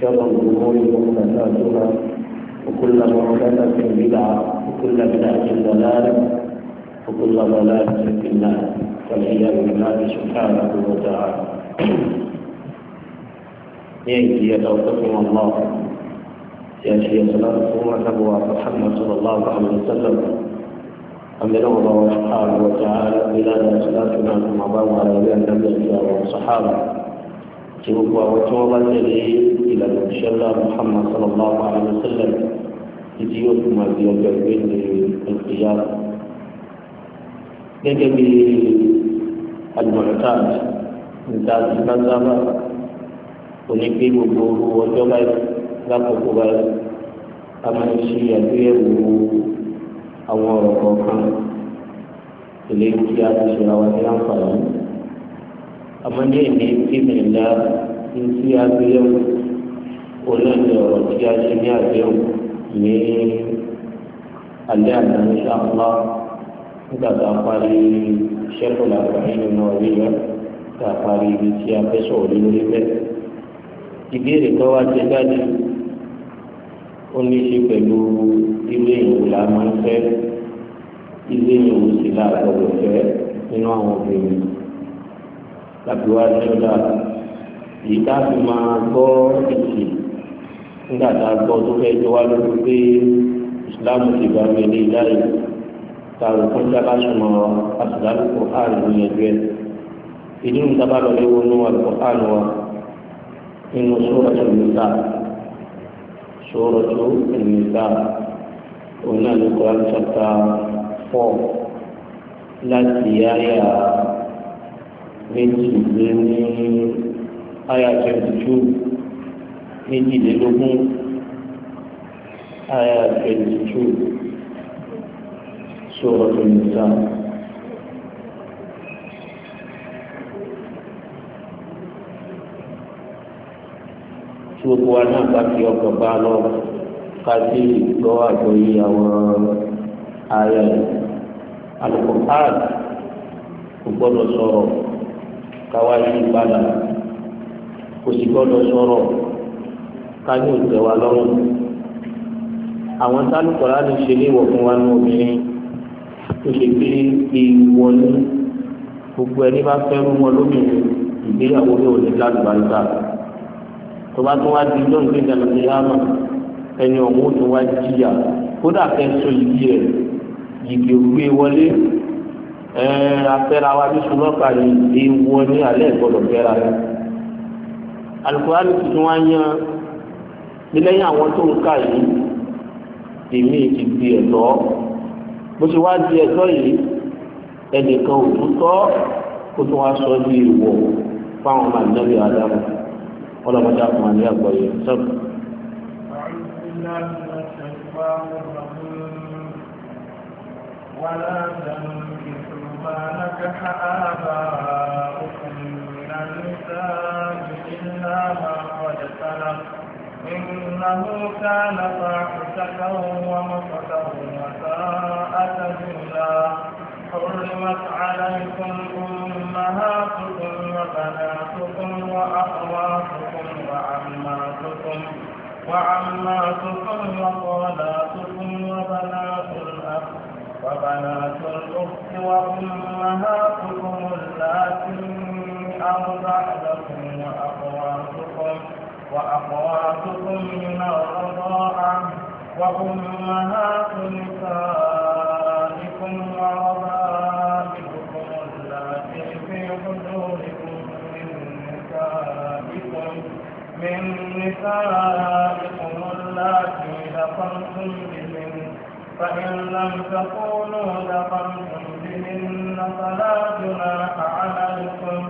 شر الأمور محدثاتها وكل محدثة بدعة وكل بدعة ضلالة وكل ضلالة في النار والعياذ بالله سبحانه وتعالى يأتي يتوقفنا الله يأتي صلاة الله محمد صلى الله عليه وسلم أمير الله سبحانه وتعالى بلاد أسلافنا كما بابا على النبي صلى الله عليه والصحابة tí gbogbo àwọn tí wọ́n bá tẹ̀lé ìlànà ìṣẹ́lá Muhammad sallallahu alayhi wa sallam títí yóò fi máa di ọjọ́ ìgbé ní ìpìyà. gẹ́gẹ́ bí alimọ̀tàd níta ti bá sábà òní pé gbogbo ọjọ́ báyìí lákòókò báyìí a máa ń ṣe àgbéyẹ̀wò àwọn ọ̀rọ̀ kọ̀ọ̀kan eléyìí tí a ti ṣe àwọn ní àǹfààní àmọ́ ní èmi ìbìlá ní tí a gbé yẹ̀wò olóòtú ọ̀rọ̀ tí a ṣe ní àgbéwò ní alẹ́ àná ṣáàpá nígbà tá a parí ṣẹ́kù làbàáyé nínú orí rẹ̀ tá a parí ibi tí a fẹ́ sọ̀rọ̀ lórí bẹ́ẹ̀. ìbéèrè kan wá ṣe jáde ó ní í ṣe pẹ̀lú ilé ìwò la máa ń fẹ́ ilé ìwò sì láàbọ̀ lọ́fẹ́ nínú àwọn obìnrin láti wá ṣọ́dá èyí tá a fi máa gbọ́ ìsìn nígbà tá a gbọ́ tó fẹ́ jọ wá lójú pé ìsìláàmù ti bá mi lé láì ta òkun sábà súnmọ́ àṣìláàmù kò hàn ní ẹjọ́ ẹ̀ ìdí nìyí tá a bá lọ léwu ní àlùkò hàn wa nínú sóòrọ̀ tó ní tó ní òun náà ní kọ́ra ní sọ́ta fọ́ láti yáyà méjìléní àyà twenty two méjìlélógún àyà twenty two sọ̀rọ̀ twenty seven. tí gbogbo wa náà bá fi ọkọ̀ bá lọ ká sí ìgbọ́ àjọyé àwọn ààyè alùpùpù ààrẹ kò gbọ́dọ̀ sọ̀rọ̀ káwá yí ìbàdà kò sì gbọ́dọ̀ sọ̀rọ̀ káyọ òtẹ wa lọ́rùn àwọn sálùkọlá ní ṣe léwọ fún wa ní obìnrin tó ṣe pé ìwọ ní gbogbo ẹni bá fẹ́ rú wọn lóbìnrin ìgbéyàwó yóò ní lálùbáríkà tó bá tún wá di ìjọ ìgbéga lọ ẹni ọ̀hún tó wá jìyà kódà kẹsàn-án yìí rẹ̀ yìgì òwe wọlé afẹ́ra wa bí ṣùgbọ́n kàrí ewu ní alẹ́ ìgbọ́dọ̀ fẹ́ra rẹ̀. alukóyáni tuntun wa yan nílẹ́yìn àwọn tó ń kà yìí èmi ti di ẹ̀tọ́ bó ṣe wá di ẹ̀tọ́ yìí ẹnìkan ò tún tọ́ kó tún wá sọ di ìwọ̀ fáwọn ọmọ àdínábì àdámù ọlọ́mọdé àkùnrin àti àgbọ̀yé sọ́kù. ولا تنكحوا وما نكح آباؤكم من النساء إلا ما قد سلف إنه كان فاحشة ومقتا وساء سبيلا حرمت عليكم أمهاتكم وبناتكم وأخواتكم وعماتكم وعماتكم وخالاتكم وبنات وبنات الأخت وأمهاتكم اللاتي أرضعنكم وأخواتكم وأخواتكم من الرضاعة وأمهات نسائكم وربائبكم اللاتي في حجوركم من نسائكم من نسائكم اللاتي دخلتم به فإن لم تكونوا دخلتم بهن فلا جناح عليكم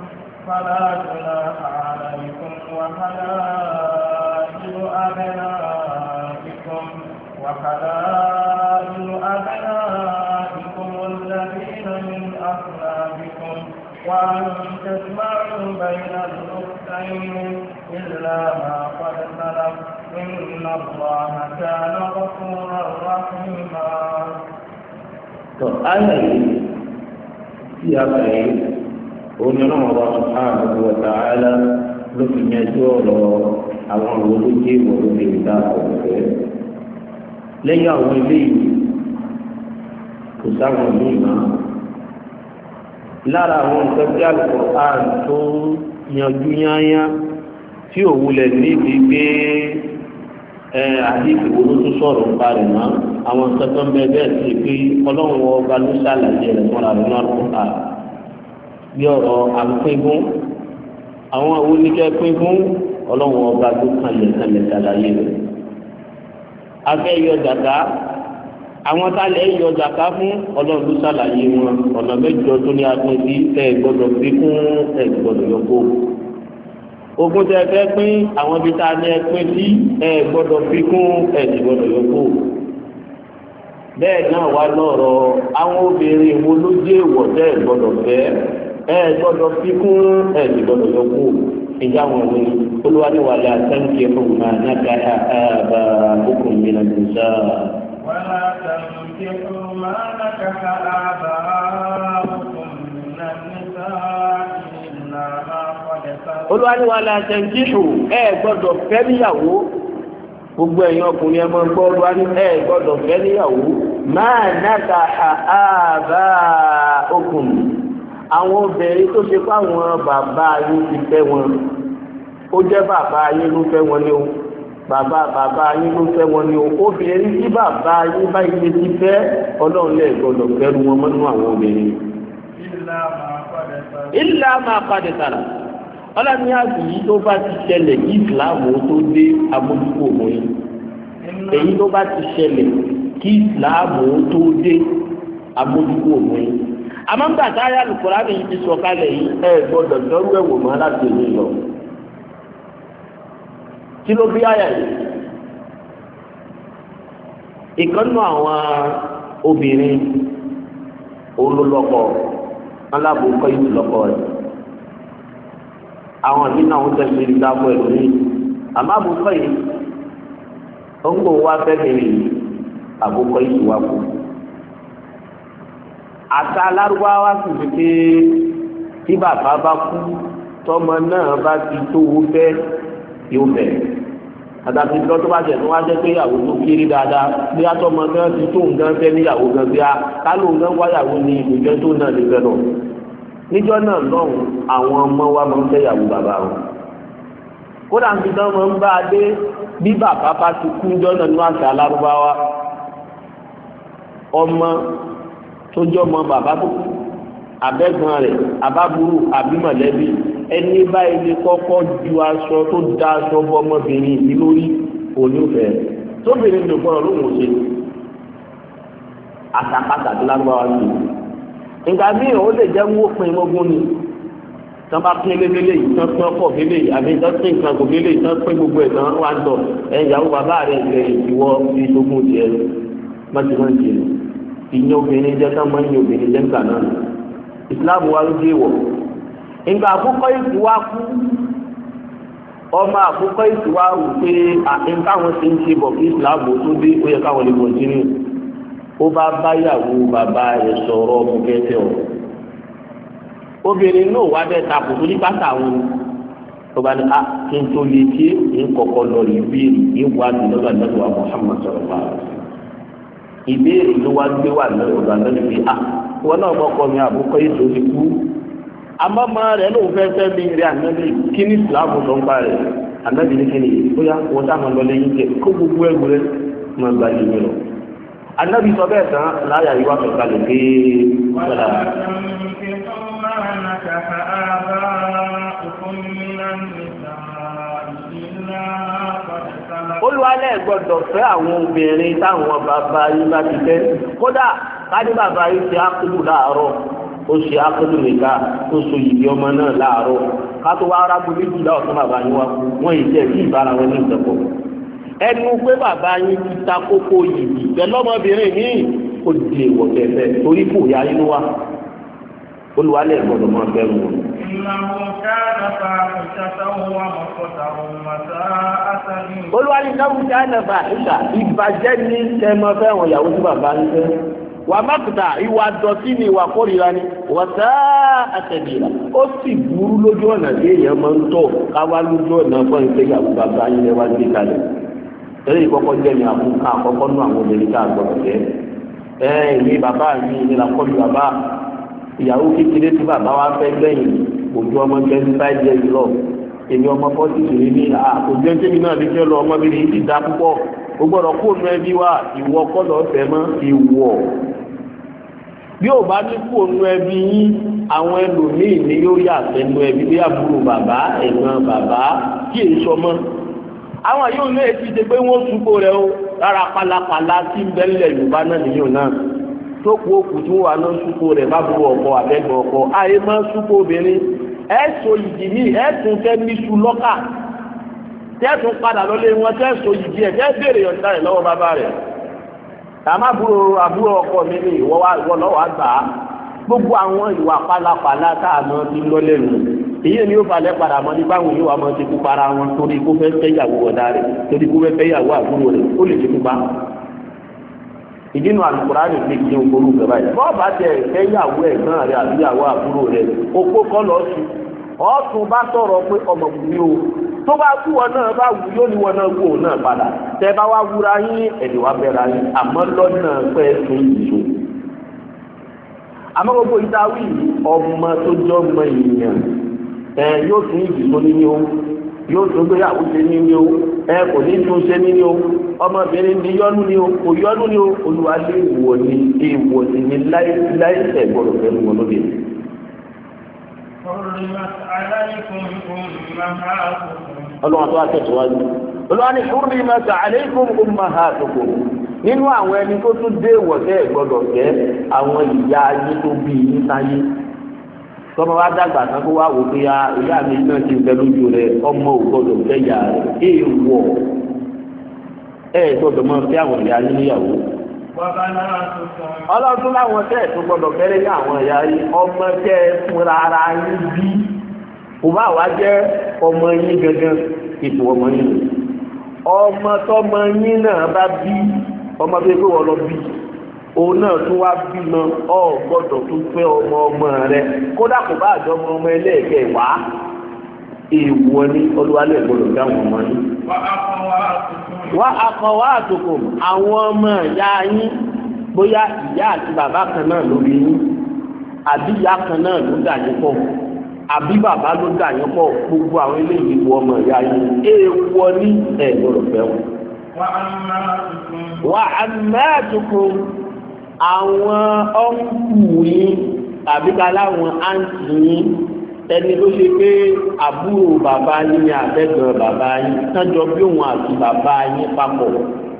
فلا جناح عليكم وحلائل أبنائكم وحلائل وأن تسمعوا بين إِلَّا مَا ما قد سلف إن الله كان غفورا رحيما. أنا يا بني ومن الله سبحانه وتعالى lófin ẹjọ́ ọ̀rọ̀ àwọn olójé ìwọlódé ìdá ọ̀fẹ́ lẹ́yìn àwọn eléyìí kò sáwọn ìlú ìmáà lára àwọn nǹkan tí alukur'an tó yanjú yányá tí ò wulẹ̀ níbi pé àdìsí wo ló tún sọ̀rọ̀ nípa rẹ̀ mọ́ àwọn nǹkan tó ń bẹ bẹ́ẹ̀ sí pé ọlọ́run wọ ọba ló ṣàlàyé rẹ̀ fúnra rẹ̀ ní alukur'an bí ọ̀rọ̀ àpéngún àwọn àwọn oníkẹ́ pínkún ọlọ́run ọba tó kanlẹ̀ kanlẹ̀ ṣàlàyé rẹ̀ afẹ́ yọ àwọn tá a lè yọ zaka fún ọlọ́run ló ṣàlàyé wọn ọ̀nà mẹ́jọ tó ní apin sí ẹ gbọ́dọ̀ fi kún ẹ gbọ́dọ̀ yọ kó. ogún tẹ fẹ́ pín àwọn ibi tá a ní ẹ pín sí ẹ gbọ́dọ̀ fi kún ẹ gbọ́dọ̀ yọ kó. bẹ́ẹ̀ náà wá lọ́rọ̀ àwọn obìnrin wo ló jẹ́ èèwọ̀ tẹ́ ẹ gbọ́dọ̀ fẹ́ ẹ gbọ́dọ̀ fi kún ẹ gbọ́dọ̀ yọ kó. ìjà wọn ni olúwa ni wàlẹ́ àtẹnukẹ́ fún mi ولا تنكحوا ما نكح آباؤكم من النساء إلا ما قد Olúwa ni wàhálà tẹ̀ǹkìṣù ẹ gbọ́dọ̀ fẹ́ níyàwó gbogbo ẹ̀yin ọkùnrin ẹ máa ń gbọ́ Olúwa ni ẹ gbọ́dọ̀ fẹ́ níyàwó máa nàka àbá okùn àwọn obìnrin tó ṣe fáwọn bàbá yín ti fẹ́ wọn ó jẹ́ bàbá yín ló fẹ́ wọn ní o bàbá bàbá yín ló fẹ́ wọn ni o obìnrin tí bàbá yín bá yín ti fẹ́ ọlọ́run lè gbọdọ̀ fẹ́rù wọn mọ́nú àwọn obìnrin. ilà máa padà sára ọlọ́run yá sí yìí tó bá ti ṣẹlẹ̀ kí ìsìláàmù tó dé abójúkò mọ́ yìí èyí tó bá ti ṣẹlẹ̀ kí ìsìláàmù tó dé abójúkò mọ́ yìí àmọ́ ń gbà táyà lùkùrá mi ti sọ kalẹ̀ yìí ẹ gbọdọ̀ dọ́rú ẹ̀wò mọ́ láti èmi lọ kí ló bí àyà yìí ìkànnù àwọn obìnrin olólọkọ alábòókọ yìí lọkọ rẹ àwọn nínú àwọn tẹsí ní dáàbò ẹ̀rọ yìí àmọ́ àbòókọ yìí ó ń gbòó wá fẹ́ bèrè yìí àbòókọ yìí wá kú àtà alárúbáwá sì fi pé tí bàbá bá kú tọmọ náà bá ti tó wú fẹ́ yóò fẹ́ àtàkì ìjọ tó bá jẹ tó wá jẹ pé ìyàwó tó kéré dáadáa bí a tọmọ gan ti tó nǹkan fẹ́ níyàwó gan bí a kálò nǹkan wáyàwó ni ìgbìjọ tó náà lè fẹ́ lọ níjọ náà lọ́hùn àwọn ọmọ wa máa ń fẹ́ ìyàwó bàbá wọn kódà ń fi dán máa ń bá a dé bí bàbá bá ti kú níjọ náà ní àṣà alárúbáwá ọmọ tó jọmọ bàbá tó kú abẹ́gbọ́n rẹ̀ abáburú àbí mọ̀lẹ́bí ẹni báyìí lè kọ́kọ́ ju aṣọ tó da aṣọ bọ ọmọbìnrin yìí lórí òní òfẹ́ tóbìnrin lè gbọ́dọ̀ lóhùn ṣe àtàkàtà tó lágbára lò nígbà míì ó lè jẹ́ wó pin mọ́gún ni tán bá pín lélẹ́lẹ́ yìí tán pín ọkọ̀ lélẹ́ yìí àbí tán pín nǹkan kò lélẹ́ yìí tán pín gbogbo ẹ̀ tán wá ń tọ̀ ẹ̀yìn ìyàwó bàbá rẹ̀ ilẹ̀ ìwọ bíi lógún tiẹ̀ mọ́tì máa ń tiẹ̀ ìyẹn obìnrin jẹ́ tán máa ń yẹ obìnrin jẹ́ nígbà náà ìsìláàmù wa ló dé wọ̀ ìgbà àkókò ìkú wa kú ọmọ àkókò ìkú wa wù pé àtẹnkáwọn ti ń ṣe bọ̀ kí islam tó dé ó yẹ káwọn lè kọ̀ntínú ó bá báyàwó bàbá rẹ̀ sọ̀rọ̀ ọmọ kẹtẹ ọ̀ obìnrin náà wá bẹ́ẹ̀ ta kò tó ní pátá àwọn tó bá ní a kí n tó lè ké ní kọ̀kọ́ lọ rí bíèrè ní wà ní lọ́dọ̀ àdúgbò wa Muhammad sọ̀rọ̀ bá ìbéèrè ló wá gbé wà lọ́dọ̀ àdúgbò wa wọn náà mọ̀kọ́ mi àbúkọ́ ètò ti kú àmọ́mọ́ rẹ̀ ló fẹ́ fẹ́ mi rẹ̀ ànábì kí ní ìsìláàmù tó ń pa rẹ̀ ànábì ní kíni bóyá wọ́n sá máa lọ lẹ́yìn jẹ kó gbogbo ẹ̀gbọ́n rẹ̀ máa gba ìlú lọ. ànábì sọ bẹ́ẹ̀ tán láyà yìí wá sọ kalẹ̀ pé sọ̀rọ̀. olùwalẹ̀ gbọ́dọ̀ fẹ́ àwọn obìnrin táwọn bàbá yín bá ti fẹ́ kódà ká ní bàbá yín ti á kúrò láàárọ̀ oṣù akọ́dùnìká oṣù yìí ọmọ náà láàárọ̀ kátó wá arábò méjìlá ọ̀sán bàbá yín wá wọ́n yìí jẹ́ kí ìbára wọn ní ìdẹ̀kọ̀. ẹnu pé bàbá yín ti ta kókó yìí pẹ̀lú ọmọbìnrin míì ó di èèwọ̀ tẹ̀fẹ̀ torí kò yá inú wa olùwalẹ̀ gbọ́dọ̀ máa bẹ̀rù wọn. olùwalẹ̀ náà wù ká nàfà ìgbà ìbàjẹ́ ní tẹmọ fẹ́ wọn ìyàwó tí bàbá ń fẹ́ wà mákùtà ìwà dọ̀tí ni ìwà kórìíra ni wà sá àtẹ̀bìrà ó sì burú lójú ọ̀nà tí èèyàn máa ń tọ̀ káwá lójú ọ̀nà fún ìgbéyàwó bàbá yín lẹ́wà gbé kalẹ̀ eré ìkọ́kọ́ jẹ́ mi àkókò àkọ́kọ́ nú àwọn obìnrin tá a jẹ́ ẹ ìwé bàbá mi ni là kọ́ mi bàbá ìyàwó kékeré tí bàbá wa fẹ́ gbẹ̀yìn òjò ọmọ twenty five years lọ èmi ọmọ forty three ní àkójọ ẹ̀ńtẹ́mi náà lè fẹ́ lọ ọmọbìnrin yìí ti dá púpọ̀ ó gbọ́dọ̀ bí ò bá dínkù ònú ẹbí yín àwọn ẹlòmíì ni yóò yà sẹ́nu ẹbí bí àbúrò bàbá ẹ̀gbọ́n bàbá kí èyí sọmọ àwọn yóò ní etí ṣe pé wọ́n túbò rẹ o rárá palapala tí ń bẹ nílẹ̀ Yorùbá náà nìyóò náà tó kú òkú tí wọ́n wà náà túbò rẹ bá ọkọ àbẹ́gbẹ́ ọkọ àyè máa ń obìnrin ẹ̀ sọ ìdí mi ẹ̀ tún fẹ́ mi su lọ́kà tẹ́ tún padà lọ́lé wọn tẹ́ sọ ìdí ẹ̀ tẹ́ béèrè yọ̀ǹda àmọ́ àbúrò àbúrò ọkọ mi ni ìwọ wa ìwọ lọ́wọ́ àgbà gbogbo àwọn ìwà pálapàla tá a mọ ti lọ lẹ́nu èyí ni ó falẹ̀ padà mọ́ ní báwọn yóò wá mọ́ ti kú para wọn torí kó fẹ́ fẹ́ ìyàwó ọ̀dà rẹ̀ torí kó fẹ́ fẹ́ ìyàwó àbúrò rẹ̀ ó lè ti kú pa ìdínú alukurani fi kí n gbórú gbẹ báyìí. bọ́ọ̀bù àti ẹ̀kẹ́ yàwó ẹ̀gbọ́n rẹ̀ àbí yàwó rẹ̀ okó tó bá kú wọn náà bá wù yóò ní wọn náà kú òun náà padà tẹ bá wá wúra yín ẹni wá bẹ̀rẹ̀ yín àmọ́ lọ́nà pẹ́ tó yìí o. àmọ́ gbogbo ìdáwí ọmọ tó jọ ọmọ ènìyàn ẹ yóò tún ìdí tó níní o yóò tún gbéyàwó ṣe níní o ẹ kò ní tún ṣe níní o ọmọbìnrin ní yọnu ni o kò yọnu ni o olúwa lè wọ ní èèwọ̀ sí ni láìsẹ̀ gbọ́dọ̀ fẹ́ mọ́ lóde ọlọ́run tó wá tẹ̀síwájú olùwàní ṣúrí mẹ́ta àléékùn ọmọ àtòkò nínú àwọn ẹni tó tún dé ìwọ̀sẹ̀ gbọ́dọ̀ jẹ́ àwọn ìyá ayé tó bí i nítáyé tọ́mọ wa dàgbà kan kó wá wò pé ya ah, ìyá mi náà ti bẹ lójú rẹ ọmọ ò fẹ́ yà rẹ èèwọ̀ ẹ máa fẹ́ àwọn ìyá yín níyàwó ọlọ́dún láwọn tẹ́ ẹ̀ tó gbọ́dọ̀ bẹ̀rẹ̀ ní àwọn ẹ̀yà yìí ọmọ tẹ́ ẹ fúnra ara yín bí kò bá wá jẹ́ ọmọ yín gangan ipò ọmọ yín lò ọmọ tọmọ yín náà bá bí ọmọ bíi pé wọ́n lọ bí òun náà tún wá bímọ ọ gbọ́dọ̀ tún fẹ́ ọmọ ọmọ rẹ kódà kò bá àjọ ọmọ ọmọ ẹlẹ́ẹ̀kẹ́ wá èèwọ̀ ni olúwalẹ̀ gbọ́dọ̀ dáhùn ọmọ yín. wàá fọwọ́ àtúntò wá akọwá àtòkò àwọn ọmọ ìyá yín bóyá ìyá àti bàbá kan náà ló bí yín àbí ìyá kan náà ló dà yín pọ̀ àbí bàbá ló dà yín pọ̀ gbogbo àwọn eléyìí wọ ọmọ ìyá yín èèwọ̀ ní ẹ̀ gbọ́dọ̀ fẹ́ wọn. wà á mẹ́ẹ̀dùkú àwọn ọ̀nkù yín tàbí ká láwọn àǹtí yín ẹni ló ṣe pé àbúrò bàbá yín ni àbẹ̀gbọ́n bàbá yín tánjọ bí òun àti bàbá yín papọ̀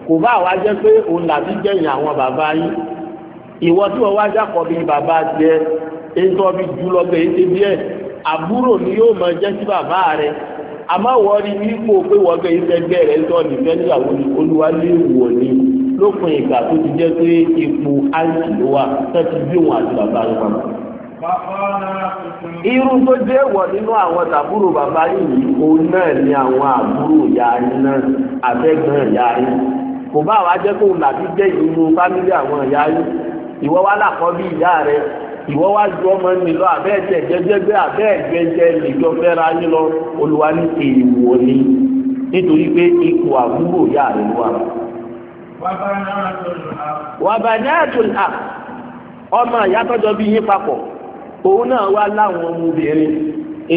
kò bá wá jẹ́ pé òun làbí jẹ̀yìn àwọn bàbá yín ìwọ tí wọ́n wá jákọ̀ bí bàbá tiẹ̀ ètò ọbí jùlọ pé ètè díẹ̀ àbúrò ni yóò máa jẹ́ sí bàbá rẹ̀ àmọ́ wọ́n rí ipò pé wọ́n gbé ìfẹ́gbẹ́ rẹ̀ ń tọ́ nìfẹ́ níyàwó ni olúwalé wò ni lópin ìgbà tó ti jẹ́ pé ipò áìsì ló wà tẹ́tí bí òun àti bàbá rẹ̀ pamọ́. bàbá náà irú tó jẹ́ wọ̀ nínú àwọn tàbúrò bàbá yìí òun náà ni àwọn àbúrò ìyá yín náà àbẹ́gbọ́n ìyá yín kò bá wa jẹ́ kó làbí jẹ́ ìlú fámílì àwọn ìyá yín ìwọ wá làkọ́ bí ìyá rẹ ìwọ wá ju ọmọ mi lọ abẹ́ ẹ̀jẹ̀ jẹ́jẹ́gbẹ́ abẹ́ ẹ̀jẹ̀jẹ́ ìjọ fẹ́ra yín lọ olùwà ní èèwọ̀ ni nítorí pé ipò àbúrò ìyá rẹ ló wà. wàbànáàtò àà ọmọ ìyá tọ́jọ́ bí yín papọ̀ òun náà wá láwọn ọmọbìnrin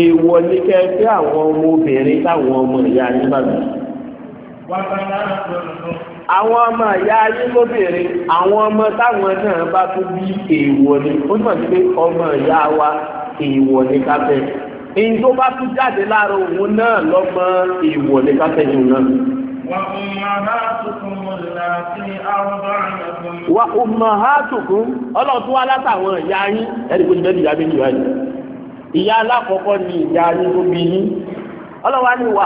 èèwọ̀ ní kẹfẹ́ àwọn ọmọbìnrin táwọn ọmọ ìyá yín bá bí. àwọn ọmọ ìyá yín lóbìnrin àwọn ọmọ táwọn náà bá tún bí èèwọ̀ ni ó túmọ̀ sí pé ọmọ ìyá wa èèwọ̀ ní káfẹ́ èyí tó bá tún jáde lára òun náà lọ́mọ èèwọ̀ ní káfẹ́ yìí náà. wa ummahatukum ọlọ́run tún ìyá yín ẹni pé ìbẹ́ni ìyá méjì wáyé ìyá alákọ̀ọ́kọ́ ni ìyá yín tó yín ọlọ́wà ni wa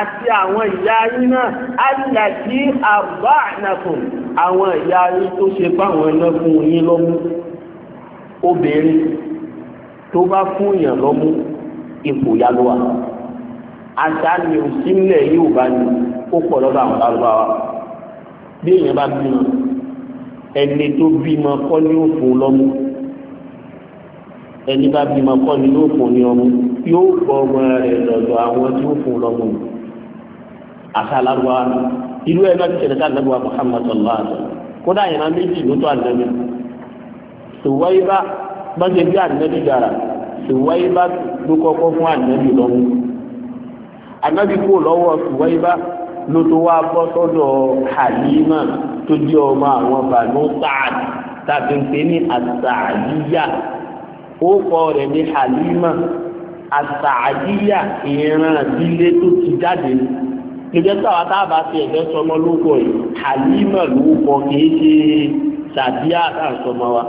àti àwọn ìyá yín náà allati arba'nakum àwọn ìyá yín tó ṣe báwọn iná fún yín lọ́mú obìnrin tó bá fún yàn lọ́mú ipò àtàlẹ́ òsínlẹ̀ yóò bá ní ó pọ̀ lọ́dọ̀ àwọn arúgbáwá bí èèyàn bá bímọ ẹni tó bímọ kọ́ ni ó fún lọ́mú ẹni bá bímọ kọ́ ni yóò fún ní ọmú yóò gbọ́ ọmọ rẹ̀ lọ́dọ̀ àwọn tí ó fún lọ́mú ni àti alárúgbáwá irú ẹ̀ náà ti ṣẹlẹ̀ sáà nàbẹ̀wá Muhammad sallallahu alaihi wa sallam kódà yẹn náà méjì ló tó ànábì Suwaiba bá ṣe bí ànábì dára Suwaiba ló kọ́kọ́ fún ànábì lọ́mú anabi kò lọ́wọ́ Suwaiba ló tó wá bọ́ sọ́dọ̀ Halima tó jẹ́ ọmọ àwọn Banu Sa'd tàbí ń pè ní asàdíyà ó kọ rẹ̀ ní Halima asàdíyà ìran ìdílé tó ti jáde gẹ́gẹ́ tí táàbà ti ẹ̀jẹ̀ sọmọ lóko yìí Halima ló kọ kìí ṣe sàdíyà àtàǹsọmọ wa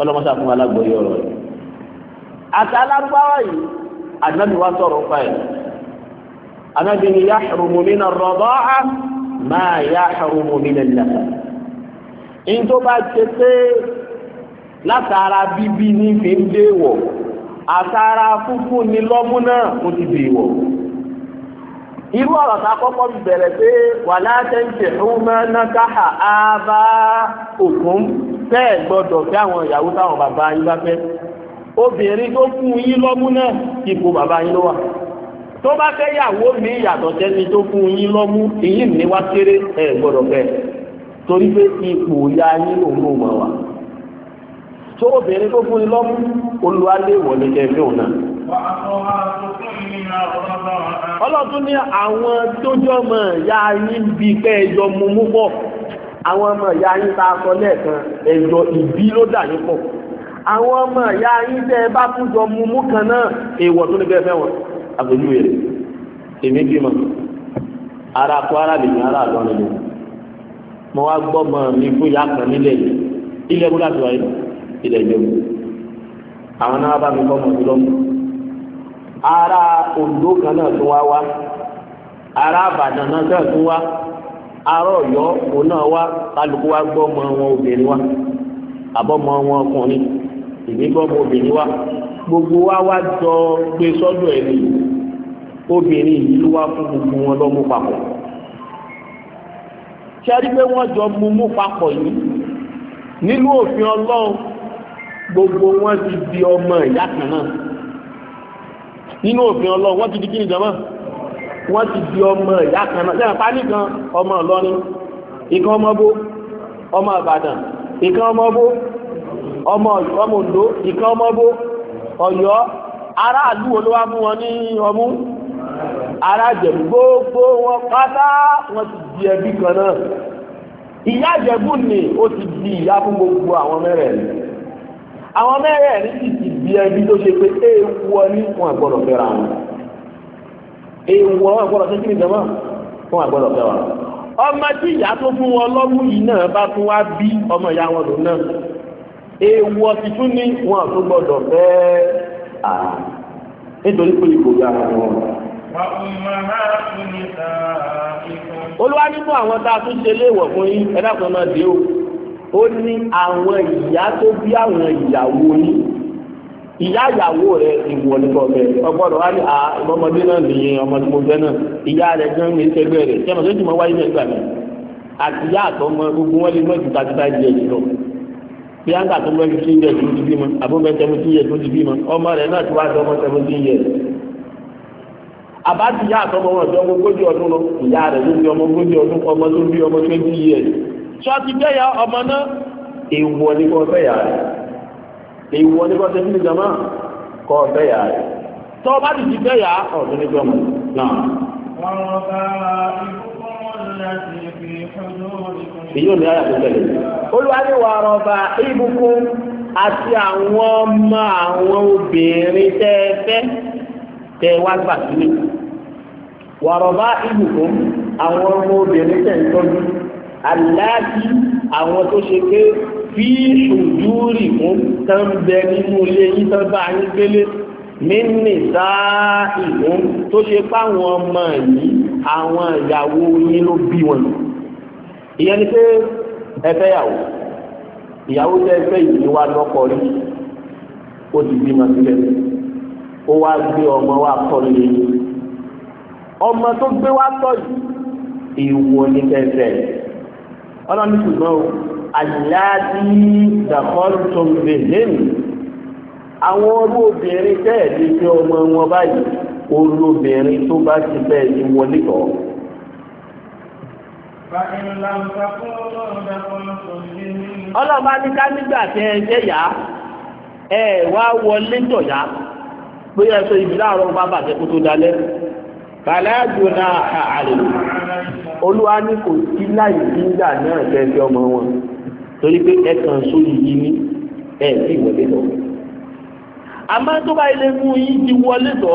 ọlọ́mọṣà fún alágbóyè ọ̀rọ̀ yìí àtàlágbáwá yìí ànábìwá sọ̀rọ̀ pa anábì ni yahrumu min ar-rida'a ma yahrumu min al-laban. ní tó bá ṣe pé látara bíbí ní fi ń dé wọ̀ àtara fúnfún ní lọ́mú náà ó ti dè wọ̀. irú ọ̀rọ̀ tá a kọ́kọ́ bẹ̀rẹ̀ pé wala tankihu ma nakaha aba'ukum bẹ́ẹ̀ gbọ́dọ̀ fẹ́ àwọn ìyàwó táwọn bàbá yín bá fẹ́ obìnrin tó fún yín lọ́mú náà ipò bàbá yín ló wà. tó bá fẹ́ yàwó mi yàtọ̀ sẹ́ni tó fún yín lọ́mú èyí ní wá kéré ẹ gbọ́dọ̀ fẹ́ torí pé ipò ya yín lòun ò mọ̀ wá tó obìnrin tó fún yín lọ́mú olùwálé wọlé kẹfẹ́ òun náà. ọlọ́tún ní àwọn mọ̀ ya yín bí mú mú ọmọ ìyá yín tá a sọ lẹ́ẹ̀kan ìbí àwọn ọmọ ìyá yín tẹ́ ẹ kan náà èèwọ̀ tó ní bẹ́ẹ̀ fẹ́ wọn. àpèjúwe rẹ̀ èmi bímọ ara kó ara lè ní ara àlọ́ nínú mo wá gbọ́ mọ́ mi fún ìyá kan nílẹ̀ yìí ilé ẹ̀kú láti wáyé ilẹ̀ ìjọba àwọn náà bá mi kọ́ mọ̀ sí lọ́mọ ara Oǹdó kan náà tún wá wá ara Ìbàdàn náà tẹ̀ tún wá ará Ọ̀yọ́ òun náà wá kálukú wá gbọ́ mọ́ wọn obìnrin wá àbọ̀mọ́ wọn ọkùnrin ìgbígbọ́ mọ́ obìnrin wá gbogbo wa wá jọ gbé sọ́dọ̀ ẹ̀ nìyí obìnrin yìí ló wá fún gbogbo wọn lọ́mú papọ̀ ṣe rí pé wọ́n jọ mú mú papọ̀ yìí nínú òfin ọlọ́run gbogbo wọn ti di ọmọ ìyá kan náà nínú òfin ọlọ́run wọ́n ti di kí ni jọmọ́ wọ́n ti di ọmọ ìyá kan náà lẹ́yìn pálí kan ọmọ Ìlọrin ìkan ọmọ bó ọmọ Ìbàdàn ìkan ọmọ bó ọmọ ọmọ Oǹdó ìkan ọmọ bó Ọ̀yọ́ aráàlú wo ló wọn ní ọmú ará jẹ̀bú gbogbo wọn pátá wọn ti di ẹbí kan náà ìyá jẹ̀bú ni ó ti di ìyá fún gbogbo àwọn mẹ́rẹ̀ẹ̀rin àwọn mẹ́rẹ̀ẹ̀rin sì ti di ẹbí tó ṣe pé èèwọ̀ ní fún àgbọ̀dọ̀ fẹ́ra wọn èèwọ̀ àgbọ̀dọ̀ ṣe kí ni jẹ́mọ́ fún àgbọ̀dọ̀ fẹ́ra wọn ọmọ tí ìyá tó fún wọn lọ́mú yìí náà bá tún wá bí ọmọ ìyá wọn lòun náà èèwọ̀ ti tún ní wọn àtúgbọ̀dọ̀ fẹ́ àà nítorí pé ìkòyà wọn olúwa nínú àwọn tá a tún ṣe léèwọ̀ fún yín ẹ dákun ẹ máa dé o ó ní àwọn ìyá tó bí àwọn ìyàwó yín ìyá ìyàwó rẹ ìwọ nípa ọbẹ ọgbọdọ wa ní ọmọdé náà nìyẹn ọmọ mo fẹ́ náà ìyá rẹ gan ní sẹgbẹ rẹ tí a máa tó ti máa wáyé mẹ́ta mi àti ìyá àtọmọ gbogbo wọn lè mọ ìtúta títa di ẹ̀jẹ̀ lọ bí a ń gbà tó mọ ẹni tí ń yẹ tó ti bí mọ àbó mẹ seventeen yẹ tó ti bí ọmọ rẹ náà ti wá dọ ọmọ seventeen yẹ àbájú ìyá àtọmọ wọn ọjọ́ ogójì ọdún lọ ìyá rẹ̀ ló fi ọmọ ogójì ọdún ọmọ tó bí ọmọ twenty years sọ ti gbẹ́yà ọmọ náà èèwọ̀ ni kò fẹ́yà rẹ̀ èèwọ̀ ni kò ṣe fún ìjọba kò fẹ́yà rẹ̀ tọ́ bá ti ti ya, ọ̀dún ní gbọ́mọ náà. èyí ò ní àyà tó tẹ̀lé olùwàlíwà rọba ibùkún àti àwọn ọmọ àwọn obìnrin tẹ́ẹ̀fẹ́ tẹ́ẹ̀ wá gbà sílẹ̀ wàrọ̀bá ìbùkún àwọn ọmọ obìnrin tẹ̀ ń tọ́jú aláàtì àwọn tó ṣe pé bí ṣùjúrì fún tán bẹ nínú ilé yìí tán bá yín gbélé mínì sáà ìhún tó ṣe páwọn ọmọ yìí àwọn ìyàwó yín ló bí wọn ìyẹn ni pé ẹ fẹ́ yàwó ìyàwó tẹ́ ẹ fẹ́ yìí wá lọ́kọ rí ó ti bímọ sílẹ̀ ó wá gbé ọmọ wa kọ́ lé yìí ọmọ tó gbé wá tọ́jú èèwọ̀ ní kẹsẹ̀ ọlọ́ni ṣùgbọ́n o àyíláàdì dàkọ́tò bèlèmù àwọn ọdún obìnrin tẹ́ẹ̀dí pé ọmọ wọn báyìí olóbìnrin tó bá ti bẹ́ẹ̀ ti wọlé kọ́. ọlọ́ba ní ká nígbà tẹ ẹ jẹ́ yá ẹ wá wọlé dọ̀yá pé ẹ sọ ìbílẹ̀ àrọ̀ bá bàjẹ́ kó tó dalẹ́ fàlàjùnà àlè olúwa ní kò sí láì nígbà náà tẹ́lẹ̀ ọmọ wọn torí pé ẹ̀kan sóyè yìí ní ẹ̀ sí ìwọlé lọ. àmọ́ tó bá ilé fún yín ti wọlé lọ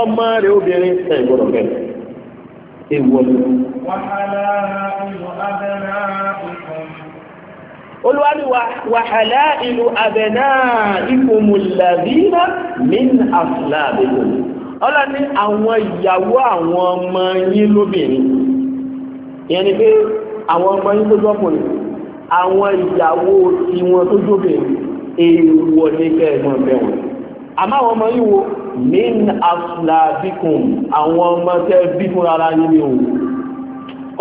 ọmọ rẹ̀ obìnrin ẹ̀ gbọ́dọ̀ bẹ̀rẹ̀ ẹ̀ wọlé. olúwa ní wàhálà ìlú abẹ́nà ìfòmùlàbí min àfúlà àbẹ̀yẹ̀ ọlọ́run ní àwọn ìyàwó àwọn ọmọ yín lóbìnrin ìyẹn ni pé àwọn ọmọ yín tó jọ́kùnrin àwọn ìyàwó tiwọn tó jóbìnrin èèwọ̀ ní kẹ́ẹ̀gbọ́n bẹ̀ wọ́n àmọ́ àwọn ọmọ yín wo min aflabikun àwọn ọmọ tẹ́ bí fúnra ara yín ni o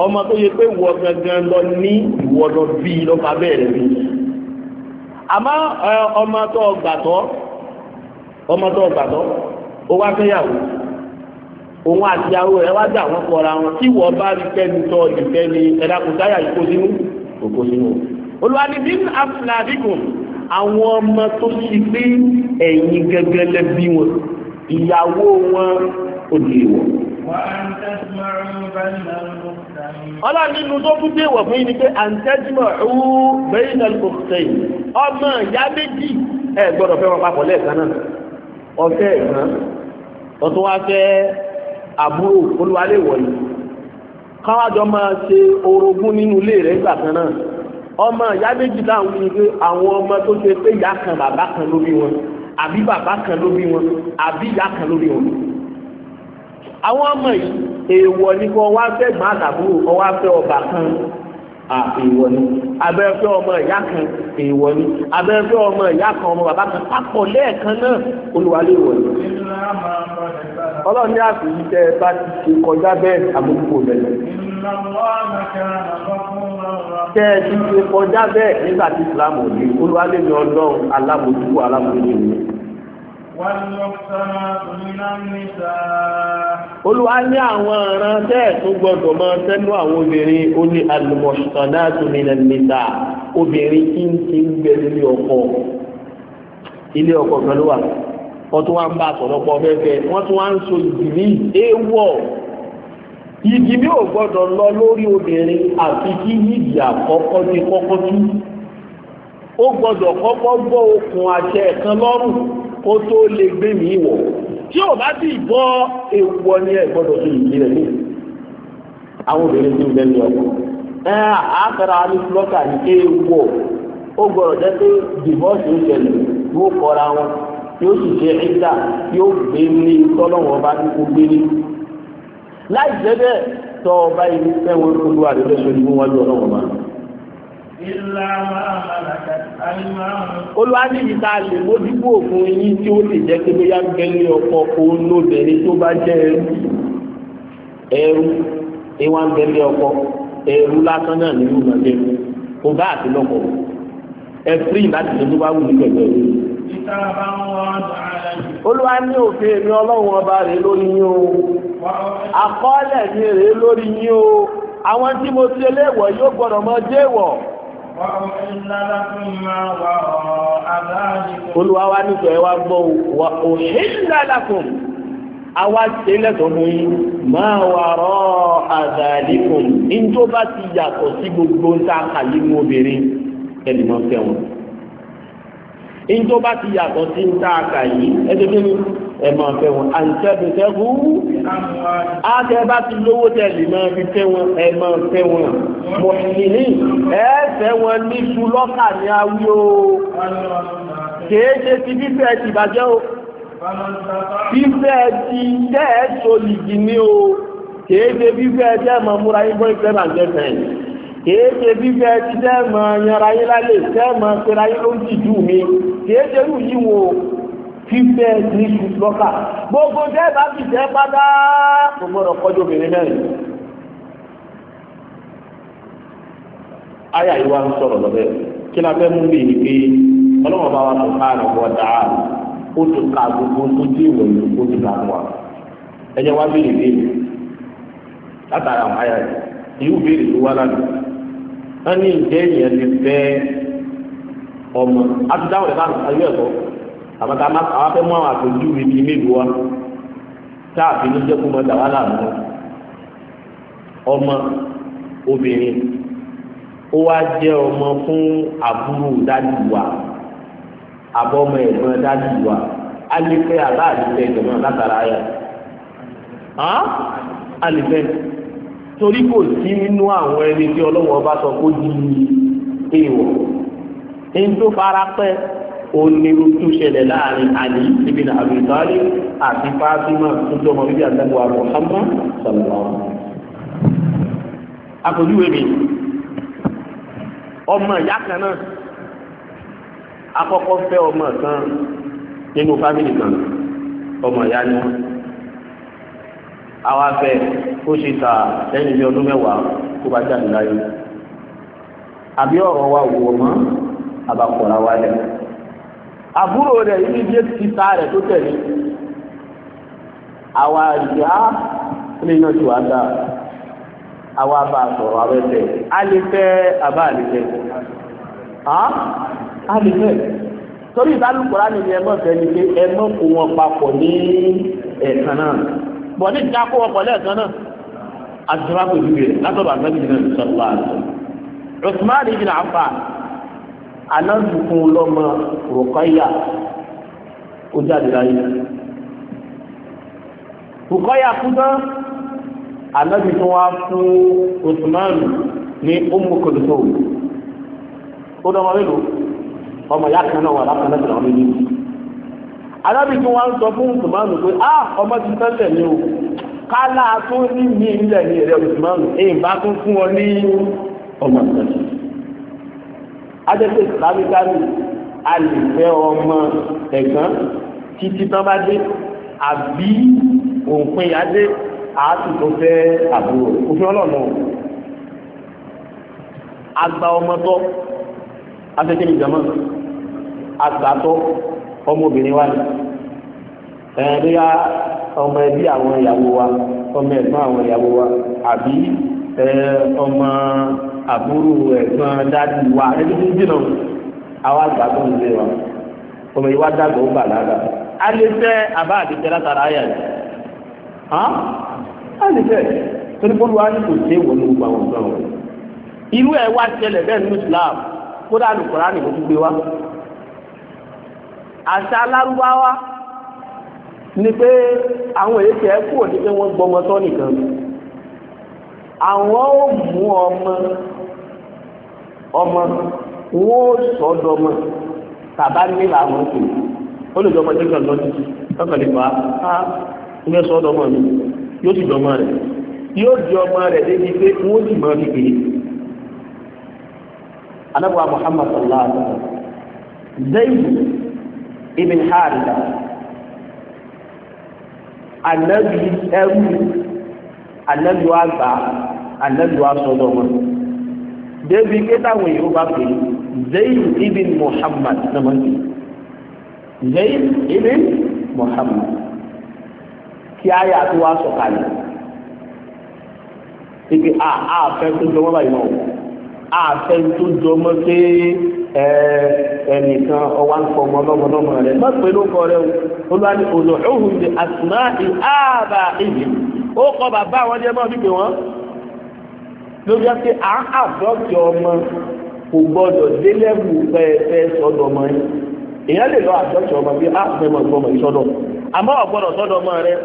ọmọ tó yẹ pé wọ gangan lọ ní ìwọ lọ bí lọ́ba bẹ́ẹ̀ rẹ̀ bí àmọ́ ọmọ tó gbàtọ́ ọmọ tó gbàtọ́ ó wá fẹ́yàwó òun àti ìyàwó rẹ̀ wá dà wọ́n kọra wọn tí wọ́n bá rí pẹ́ni tọ́ ìfẹ́ ni ẹ̀dàkùnsáyà yìí kó sínú kò kó sínú. olùwàdìbí afúnàdìgùn àwọn ọmọ tó ṣe pé ẹ̀yìn gẹ́gẹ́ lẹ́bí wọn ìyàwó wọn ò lè wọ̀. ọlọ́run nínú tó kú dé wọ̀ fún yín ni pé àǹtẹ́jùmọ̀ ó bẹ́yìn náà kò sẹ́yìn ọmọ ìyá méjì ẹ̀ gbọ́dọ̀ fẹ́ wọn papọ̀ lẹ́ẹ̀kan náà ọfẹ́ ẹ̀gbọ́n ọ̀tún wa fẹ́ àbúrò olúwalé wọ̀nyí káwájọ máa ṣe orogún nínú ilé rẹ̀ gbà kan náà ọmọ ìyá méjì láwọn ní pé àwọn ọmọ tó ṣe pé ìyá kan bàbá kan ló bí wọn àbí bàbá kan ló bí wọn àbí ìyá kan ló bí wọn. àwọn ọmọ yìí èèwọ̀ ni kò wá fẹ́ gbọ́n àtàbúrò kò wá fẹ́ kan èèwọ̀ ni abẹ́fẹ́ ọmọ ìyá kan èèwọ̀ ni abẹ́fẹ́ ọmọ ìyá kan ọmọ bàbá kan papọ̀ lẹ́ẹ̀kan náà olùwàlẹ̀ èèwọ̀ ni. ọlọ́run ní àfihàn tẹ ẹ bá ti ṣe kọjá bẹ́ẹ̀ àbúkù bẹ́ẹ̀. tẹ ẹ ti ṣe kọjá bẹ́ẹ̀ nígbà tí Islam ò ní olùwàlẹ̀ ni ọlọ́run alábòjúwò alábòjúwò olùwà ní àwọn ọ̀ràn tẹ́ tó gbọdọ̀ mọ sẹ́nu àwọn obìnrin ó ní al-muhsanatu minan nisa obìnrin kí n ti ń gbé nílé ọkọ ilé ọkọ kan ló wà wọ́n tún wá ń bá àtọ̀lọ́pọ̀ fẹ́fẹ́ wọ́n tún wá ń so ìdìbí éwọ̀ ìdìbí ò gbọdọ̀ lọ lórí obìnrin àfi kí yìí àkọ́kọ́ ti kọ́kọ́ tú ó gbọdọ̀ kọ́kọ́ gbọ́ okùn àṣẹ kan lọ́rùn kó tó lè gbé mi wọ̀ tí ò bá sì bọ́ èèwọ̀ ni ẹ̀ gbọ́dọ̀ sí ìdí rẹ̀ ní àwọn obìnrin tí ń bẹ́ ní ọkọ̀ ẹ̀ àkàrà ní flọ́kà ní èèwọ̀ ó gbọ́dọ̀ jẹ́ pé divorce ń ṣẹlẹ̀ yóò kọ́ra wọn yóò sì ṣe ẹ̀dá yóò gbé ní tọ́lọ́wọ́n bá ní kó gbé ní. láì jẹ́ bẹ́ẹ̀ tọ́ ọba ìlú fẹ́ wọn olúwa rẹ̀ lọ́sọ̀rọ̀ ìmú wọn lọ́wọ́ máa olúwa ní ìta lè mójúbò fún yín tí ó lè jẹ́ pé bóyá gbẹ́lẹ́ ọkọ òun lóbìnrin tó bá jẹ́ ẹrú ẹrú ìwà ń gbẹ́lẹ́ ọkọ ẹrú lásán náà nínú ìgbàlẹ́ kò bá àti lọ́kọ̀ ẹ fírí láti lè tó bá wù ní pẹ̀lú ẹrú. olúwa ní òfin èmi ọlọ́run ọba rèé lórí yín o àkọọ́lẹ̀ mi rèé lórí yín o àwọn tí mo ti eléwọ̀ yóò gbọ́dọ̀ mọ olùwà wa nìkan ẹ wá gbọ́ wa òhìnlá lakum àwa ṣe lẹ́tọ̀ọ́ fún yín máa wà rọ́ àdàlíkùn níjó bá ti yàtọ̀ sí gbogbo ń ta àyè mú obìnrin ẹnì máa fẹ́ wọn níjó bá ti yàtọ̀ sí ń ta àkàyè ẹjọ́ kí ni ẹ máa fẹ́ wọn àǹtẹ̀bù tẹ́kù á tẹ́ bá ti lówó tẹ̀lé máa fi fẹ́ wọn ẹ máa fẹ́ wọn mọ̀sílì ẹ̀ẹ́fẹ́ wọn ní ṣùlọ́kà ní awí o kìí ṣe ti fífẹ́ ti bàjẹ́ o fífẹ́ ti tẹ́ẹ̀ sọ̀lìjì ní o kìí ṣe fífẹ́ tẹ́ mọ̀ múra yín bọ́ ìfẹ́ bàjẹ́ fẹ́ẹ̀ kéèké bíbẹ ti dẹ́mọ yanra yín lálẹ́ dẹ́mọ pera yín ló ń tìjú mi kéèké lù yí fífẹ́ ní ṣùgbọ́n ká gbogbo dẹ́ẹ̀bá fi dẹ́ẹ́ pátá gbogbo ọ̀rọ̀ kọjú obìnrin náà àyà wa wá ń sọ̀rọ̀ lọ́bẹ̀ kí la fẹ́ mú mi ni pé bá wa sọ káàrọ̀ wọ́n gbogbo tó dé ìròyìn ó ti ka fún wa ẹ jẹ́ wá béèrè látara àwọn yìí tó wá lánàá ìjẹ́ ìyẹn ti fẹ́ ọmọ lánàá ayé ẹ̀kọ́ àwọn afẹ́ mú àwọn àtòjú mi bíi mélòó wa táàbí ọmọ obìnrin ó wá jẹ́ ọmọ fún àbúrò dájú wa àbọ̀mọ ẹ̀gbọ́n dájú wa alifẹ àbá alifẹ ìjọba látara yẹ hàn alifẹ torí kò sí nínú àwọn ẹni tí ọlọ́wọ́ bá sọ kó di èèwọ̀ ẹni tó fara pẹ́ onírú tó ṣẹlẹ̀ láàrin àlì níbi náà àbí ìtọ́lé àti fásimà tó jọmọ bíbí àtẹ́kọ̀ọ́ àbọ̀ hàmà sọ̀rọ̀ àpòjúwe mi ọmọ ìyá kan náà àkọ́kọ́ fẹ́ ọmọ kan nínú fámìlì kan ọmọ ìyá ni wọn àwa fẹ́ kó ṣe ta lẹ́yìn bí ọdún mẹ́wàá tó bá jáde láyé àbí ọ̀rọ̀ wa wò mọ àbàkọra wa lẹ àbúrò rẹ̀ ibi díẹ̀ ti ta rẹ̀ tó tẹ́lẹ̀ àwa ìyá lè yànjú àdá àwa bá a sọ̀rọ̀ àwọn ẹsẹ̀ a lè fẹ́ àbá a lè fẹ́ a lè fẹ́ torí ìbálòpọ̀lá ni ẹ mọ̀ fẹ́ ni pé ẹ mọ̀ kó wọn papọ̀ ní ẹ̀kan náà bọ̀ ní ìjà kó wọn pọ̀ lẹ́ẹ̀kan náà àtúrà kò ju rẹ̀ látọ̀dọ̀ àgbẹ̀bí náà ní sọ́kùlá àtọ̀ Usman ibn Affan aláǹdùkún lọ́mọ Rukayya ó jáde láyé Rukayya kú tán anábì tó wá fún Usman ní Ummu Kulthum ó dọ́mọ mélòó ọmọ ìyá kan náà wà lápá náà tẹ̀lé ọmọ ìlú anábì tó wá ń sọ fún Usman pé a ah, ọmọ ti tẹ́lẹ̀ ní o kálá tó ní mi nílẹ̀ ní ẹ̀rẹ́ Usman èyí bá tún fún ọ ní ọmọ ìtọ́jú adẹ́sẹ̀ ìsìlámíkàmì a lè fẹ́ ọmọ ẹ̀gbọ́n títí tán bá dé àbí òǹpin adé àátù tó fẹ́ àbúrò òfin ọlọ́ọ̀nà àgbà ọmọtọ́ afẹ́kẹ́ nìjọmọ́ àgbàtọ́ ọmọbìnrin wa ni ẹ̀ẹ́dẹ́yà ọmọ ẹbí àwọn ìyàwó wa ọmọ ẹ̀gbọ́n àwọn ìyàwó wa àbí ọmọ àbúrò ẹ̀gbọ́n dáàdì wa ẹbí tó ń jìnnà àwọn àgbàtọ́ ń lé wa ọmọ yìí wá dàgbà ó bà lára a lè fẹ́ àbá àdìjẹ́ látara ayà yìí láti fẹ́ torí bọ́lú wa ní kò sí èèwọ̀ ní gbogbo àwọn nǹkan wọn. irú ẹ̀ wá ṣẹlẹ̀ bẹ́ẹ̀ ní Islam kódà ní Kùránì kò tún gbé wá. àṣà alárúbáwá ni pé àwọn èsì ẹ̀ kúrò ní pé wọ́n gbọmọ tọ́ nìkan àwọn ò mú ọmọ ọmọ wọn ò sọdọmọ tàbá nílà àwọn òkè olùdókòtò kan lọ sí ọkàn nípa á ah, ilé sọdọmọ mi yóò sì dọ́mọ rẹ̀ yóò di ọmọ rẹ̀ débi pé wọ́n sì máa fi pèé. alábọ̀ Muhammad sallallahu alaihi wa sallam zayd ibn haritha anabi ẹrú anabi wa gbà anabi wa sọdọ wọn débi pé táwọn èèyàn bá pè zayd ibn Muhammad náà máa ibn Muhammad kí àyà tó wá sọ̀kalẹ̀ ibi a a fẹ́ tó jọmọ́ báyìí náà a fẹ́ tó jọmọ́ pé ẹ ẹnìkan ọwọ́ ń fọmọ lọ́mọlọ́mọ rẹ má pé ló kọ rẹ o ló wá ní olùhùn ní àtúná ìhàbà ìlú ó kọ bàbá àwọn ẹni ẹ máa fi pè wọn lórí ẹsẹ à ń àbọ̀kì ọmọ kò gbọdọ̀ délẹ́bù pẹ́ẹ́pẹ́ sọ́dọ̀ ọmọ yẹn èèyàn lè lọ àbọ̀kì ọmọ bí a fẹ́ mọ̀ ọmọ yìí sọ́dọ̀ àmọ́ ọ̀gbọ́dọ̀ sọ́dọ̀ ọmọ rẹ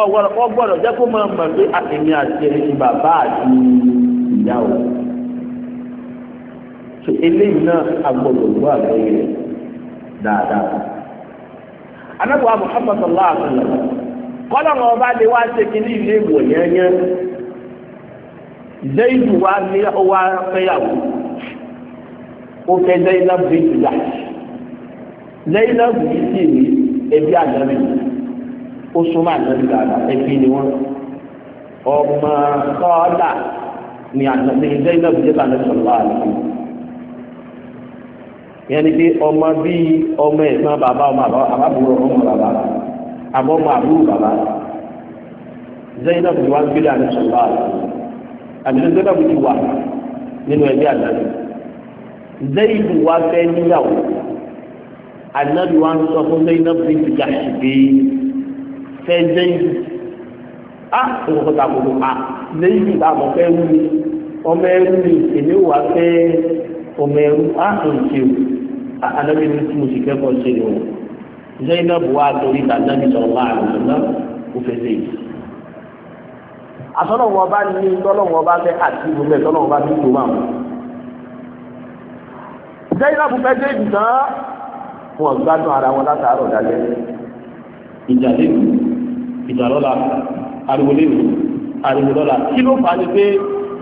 ọgbọ́dọ̀ ọgbọ́dọ̀ jẹ́ kó máa mọ̀ pé àtẹ̀mí àti ẹni ti bàbá àti ìyá o. so eléyìí náà agbọ́dọ̀ gbọ́ àgbọ́yé rẹ̀ dáadáa. anábọ̀ wa Muhammad sallallahu alaihi kọ́lá wọn ọba lè wá ṣe kí ní ilé ìwọ̀ yẹ́nyẹ́ zayidu wa ní ọwọ́ afẹ́yàwó ó fẹ́ zayidu bíi ìgbà zayidu bíi ìgbà ẹbí àdámẹ́yìn ó súnmọ́ ànábì dáadáa ẹbí ni wọ́n ọmọ kọ́ọ́dà ni ànábì ní zainab jẹ́ bá ànábì sọ̀rọ̀ àlùkò yẹn ni pé ọmọ bíi ọmọ ẹ̀gbọ́n bàbá ọmọ àbábúrò ọmọ bàbá àbọ̀mọ àbúrò bàbá zainab ni wọ́n gbélé ànábì sọ̀rọ̀ àlùkò àbí zainab ti wà nínú ẹbí ànábì zainab wá fẹ́ níyàwó ànábì wá sọ fún zainab bíi ti gàṣì bíi fẹ́ jẹ́ ìlú á òun kò ta gbogbo a lé ìlú àmọ́ fẹ́ wú mi ọmọ ẹrú mi èmi wà fẹ́ ọmọ ẹrú á òun ṣe o ànábi mi tí mo sì kẹ́kọ̀ọ́ ṣe ni o Zainab wa torí tàbí sọ̀rọ̀ máa rẹ̀ sọ̀rọ̀ kò fẹ́ ṣe yìí. àtọ́nà wọn bá ní tọ́lọ́ wọn bá fẹ́ àti ìwúlẹ̀ tọ́lọ́ wọn bá fi tó máa mú. Zainab fẹ́ dé ìdùnnà wọn gbádùn ara wọn látàárọ̀ dálẹ́ ìjà lẹ́nu ìjà lọ́la ariwo léwu ariwo lọ́la kí ló fà á ni pé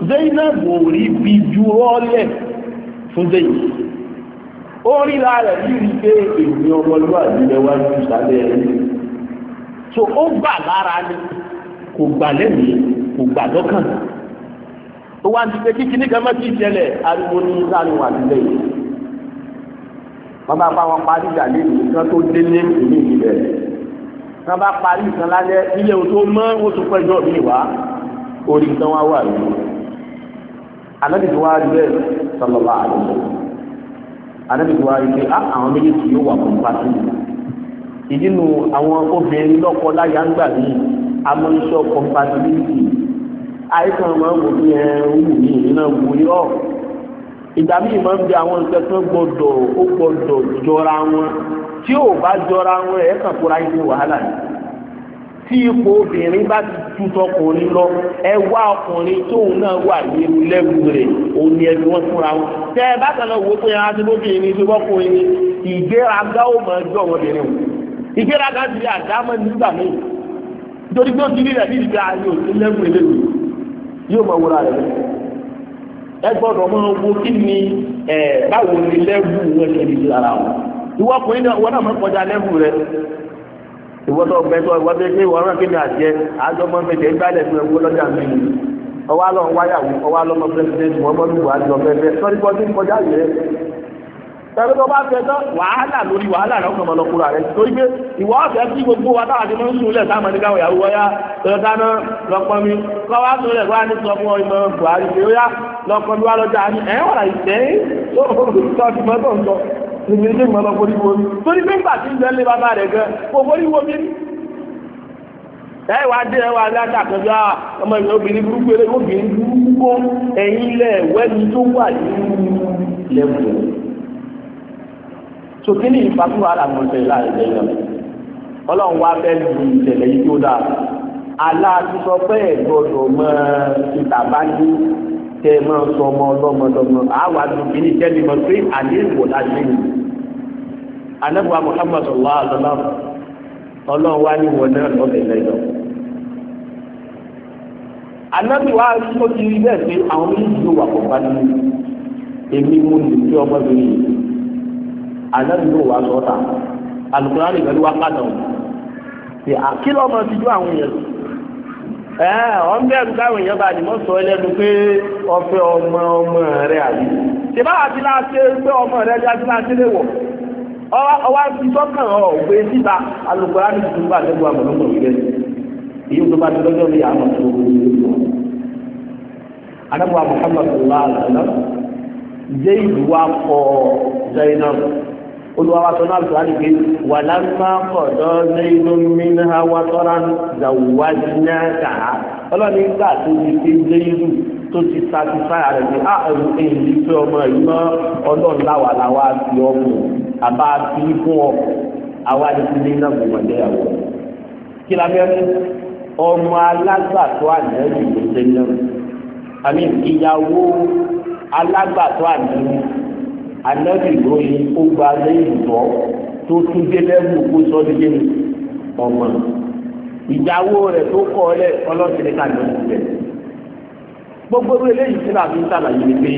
Zainab ò rí bí ju ọ́lẹ̀ fún Zainab ó rí lára yìí rí pé èmi ọmọlúwàbí lẹ́wà ju sábẹ́ ẹni so ó gbà lára ni kò gbà lẹ́mìí kò gbà lọ́kàn ó wá ti pé kí kíní kan mọ́ sí ariwo ní láàrin wà nílẹ̀ yìí wọ́n bá bá wọn parí ìjà lẹ́yìn kí wọ́n tó délé ìlú ìbẹ̀rẹ̀ tán bá parí nǹkan lálẹ́ ilé o tó mọ́ o tún pẹ́jọ́ mi wá orí nǹkan wá wà yìí anabi ti wá rí bẹ́ẹ̀ sọlọ́lá àdúgbò anabi ti wá rí pé ah, àwọn méjèèjì yóò wà fún pàṣẹ ìdí nu àwọn obìnrin lọ́kọ láyà ń gbà mí amóhíṣọ́ compatibility àìsàn máa ń wò ní ẹ̀ ń wù mí ìrìnà wù ìgbà míì máa ń bi àwọn nǹkan tó gbọdọ̀ ó gbọdọ̀ jọra wọn tí ò bá jọra wọn ẹ̀ kàn fúnra yín ní wàhálà yìí tí ipò obìnrin bá ti tú tọkùnrin lọ ẹ wá ọkùnrin tóun náà wà nínú lẹ́gùn rẹ̀ òun ni ẹbí wọn fúnra wọn tẹ ẹ bá kàn lọ wò ó pé ẹ ah, rántí bóbìnrin ni tó bọ́kùnrin ni ìgbéraga ó máa jọ wọn bìnrin o ìgbéraga ti rí àdámọ́ nígbà míì nítorí pé ó ti rí rẹ̀ bí ìgbéraga yóò ti lẹ́gùn eléyìí yóò máa wúra rẹ̀ lẹ́yìn ẹ gbọ́dọ̀ máa wo kí ni ẹ báwo ni lẹ́wù wọn ṣe lè lára wọn ìwọ ọkùnrin náà wọn náà máa kọjá lẹ́wù rẹ ìwọ tó bẹ tó ìwọ bẹ pé ìwọ náà kí ni àjẹ àjọ mọ fẹsẹ̀ ìgbàlẹ̀ fún ẹ̀wọ́ lọ́jà mi ọwọ́ alọ́ wáyà ọwọ́ alọ́ mọ pẹ́sidẹ́ntì wọn bọ́ lùwà àjọ fẹ́fẹ́ sọ́ni bọ́ sí kọjá yìí tẹ̀lé tó bá fẹ́ tán wàhálà lórí wàhálà rẹ̀ ọkàn ọmọlọ́kùnrin rẹ̀ torí pé ìwọ ọ̀fẹ́ kí gbogbo wa táwọn ti máa ń sunlẹ̀ sáà mọ̀nìkà wọ̀ yàwó wọ́yá lọ́dáná lọ́pọ̀ mi kọ́ wá sunlẹ̀ kó wá ní sọ fún ọmọ Buhari pé ó yá lọ́pọ̀ mi wá lọ́jà ní ẹ̀ wà láì tẹ́ ìgbésẹ̀ mọ̀lọ́kùnrin wo torí pé ńgbà tí ń bẹ́ẹ̀ lé bàbá rẹ̀ gan kò forí wo mi ẹ wá dé ẹ wá láta pẹ̀lú à ọmọ ìlú obìnrin burúkú eré obìnrin burúkú kó ẹ̀yin lẹ̀ wẹ́ni tó wà nínú lẹ́wọ̀n sókè ní ìfàkùn wàhálà mọ̀ ṣẹlẹ̀ láàrin lẹ́yìn náà ọlọ́run wá fẹ́ lu ìṣẹ̀lẹ̀ yìí tó dáa aláàtúnṣọ pé ẹ̀gbọ́dọ̀ mọ ìtàbájú tẹ mọ sọmọ ọlọmọdọmọ àwọn àdùnkì ní jẹ́ mímọ pé àdéhùn àdéhùn anábùwà Muhammad sallallahu alaihi wasallam ọlọ́run wá ní wọn náà lọ́bẹ̀ lẹ́yìn anábìwá ó ti rí bẹ́ẹ̀ pé àwọn méjì ló wà pọ̀ bá nínú èmi mo lè fi ọmọbìnrin yìí àlẹ́rìí ló wà sọ́ta alukurani pẹ̀lú wa pàtàkì ṣe àkìlọ̀ ọmọ ti ju àwọn èèyàn ẹ ọ̀n bẹ́ẹ̀ ní káwọn èèyàn bá ní mọ́ sọ ẹlẹ́nu pé ọ̀fẹ́ ọmọ ọmọ rẹ àbí ṣe báwa ti láti ṣe pé ọmọ rẹ ti láti láti lè wọ̀ ọwọ́ fi sọ́kàn ọ̀ gbé síta alukurani ti tún bá àtẹ́gùn àmọ̀lọ́mọ̀ ìgbẹ́ èyí tó bá ti lọ́jọ́ bí àmọ̀ tó anábọ̀ Muhammad sallallahu alaihi wa sallam jẹ́ ìlú wa kọ Zainab olùwàwàtò náà tó àlùkè wà lámà kọ̀dọ̀ lẹ́yìn mímínà wà tọ́ra zàwájú náà kà á ọlọ́ni gbà tó ti fi lẹ́yìn tó ti satisfy rẹ̀ ní àrùn èyí tó ọmọ yìí mọ́ ọlọ́run láwa fi ọmọ àbá fi fún ọ àwa ni ti lẹ́yìn náà gbọ̀ngàn lẹ́yàwó kí la mẹ́rin ọmọ alágbàtọ́ àná yìí náà àmì ìyàwó alágbàtọ́ àná anábì lóyún ó gba lẹ́yìn bọ́ tó tún dé lẹ́wù kó sọ ní lẹ́nu ọmọ ìyàwó rẹ̀ tó kọ́ ọ lẹ̀ ọlọ́sìn ní ká lọ́sìn rẹ̀ gbogbo eléyìí tí nàbí ń sàlàyé ni pé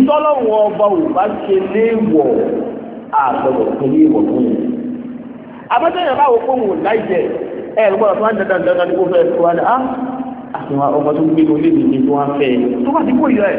ntọ́lọ́wọ́ ọba ò bá ṣe léèwọ̀ àgbọ̀dọ̀ tó léèwọ̀ fún mi. abẹ́tẹ̀yìn bá wò fóun láìjẹ ẹ ẹ gbọ́dọ̀ tó wá dandan dandan ní kó fẹ́ tó wá ní á àfihàn ọmọ tó ń gbé lórí mi ní tó wá fẹ́ tó bá ti kó yọ ẹ̀.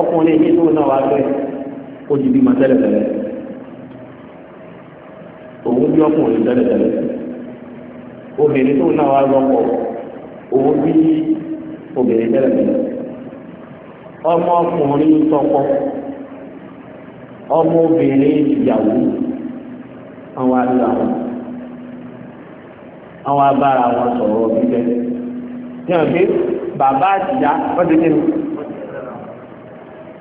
ọkùnrin yìí tó náà wá fẹ́ ó ti bímọ tẹ́lẹ̀tẹ́lẹ̀ òun bí ọkùnrin tẹ́lẹ̀tẹ́lẹ̀ obìnrin tó náà wá lọ́kọ òun bí obìnrin tẹ́lẹ̀tẹ́lẹ̀ ọmọ ọkùnrin tọkọ ọmọ obìnrin ìyàwó àwọn àdúrà wọn àwọn abára wọn sọ̀rọ̀ bíbẹ́ ní ọ̀gbìn bàbá àtìyá wọ́n ti kí ni.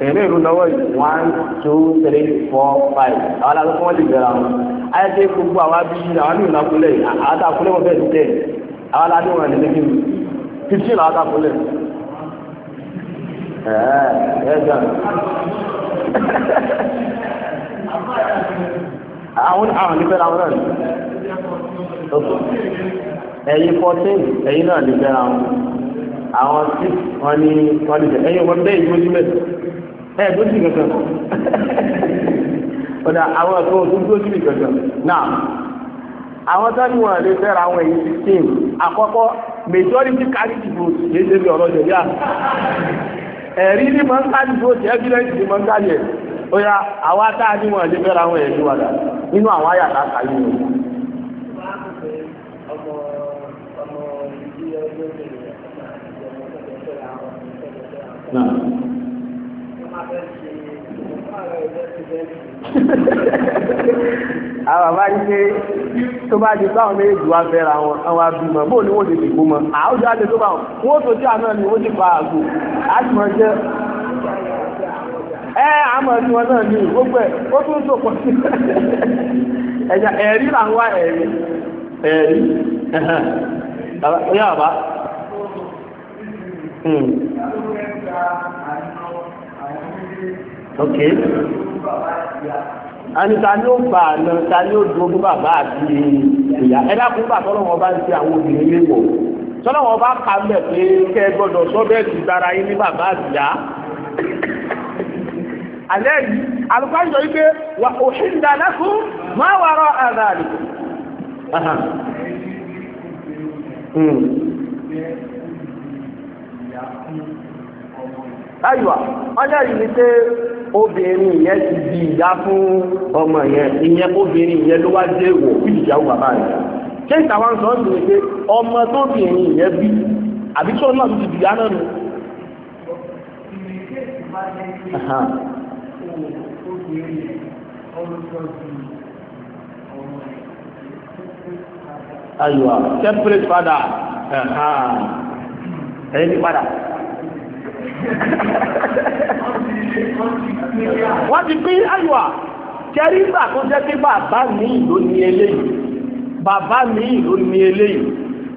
èmi ìlú náwó yìí one two three four five àwọn aláàbò fún wọn lè gbéra wọn ayé tẹ gbogbo àwọn abíyí àwọn ní ìnákulẹ àwọn tá a kulẹ wọn bẹ́ẹ̀ tẹ àwọn aláàbò wọn lè lébi fifteen àwọn tá a kulẹ. ẹ ẹ jẹun àwọn àwọn níbẹ̀ làwọn náà ẹ̀yin fourteen ẹ̀yin náà níbẹ̀ làwọn àwọn six wọn ni wọn ni ẹ̀yin wọn bẹ́ẹ̀ ìgbójú mẹ́ta. ẹ tó sì kankan ọ̀dà àwọn ẹ̀kọ́ tó tó sì kankan náà àwọn sani wọn lè fẹ́ra àwọn èyí sixteen àkọ́kọ́ majority carry the vote ṣe bí ọ̀rọ̀ jẹ̀bi ẹ̀rí ni máa ń kárí vote evidence ni máa ń kárí ẹ̀ ó yà àwọn atáàdì wọn lè àwọn wàdà nínú àwọn àyàtà kàyé wọn. àwọn bàbá yìí ṣe tó bá di méjì wá wọn àwọn ni wọ́n ti dìbò mọ́ àti tó bá wọn wọ́n àná ni wọ́n ti jẹ́ ẹ àmọ̀ wọn náà gbogbo ẹ̀ anita ni ó gbà àná ta ni ó dúró fún bàbá àti ìyá ẹ dákun bàbá ọlọ́wọ́n bá ń ṣe àwọn obìnrin lé wọ̀ sọlọ́wọ́n bá kà mẹ́ pé kẹ́ ẹ gbọ́dọ̀ sọ́bẹ̀tì dára yín ní bàbá àti ìyá. alẹ́ yìí alùpàá yọ wípé wà òṣìṣẹ́ dáná fún máa wà rọ àrà rẹ̀. ayiwa ọjọ́ yìí ni pé obìnrin yẹn ti di ìyá fún ọmọ yẹn ìyẹn obìnrin yẹn ló wá dé wò bí ìyàwó bàbá rẹ̀ ṣé ìtàwọn sọ ń bèrè pé ọmọ tóbìnrin yẹn bí àbí tó náà ti di ìyá náà nù. ayiwa separate father ẹni padà. wọ́n ti pín àyùwà kẹrí ìgbà tó jẹ́ pé bàbá mi ló ní eléyìí bàbá mi ní eléyìí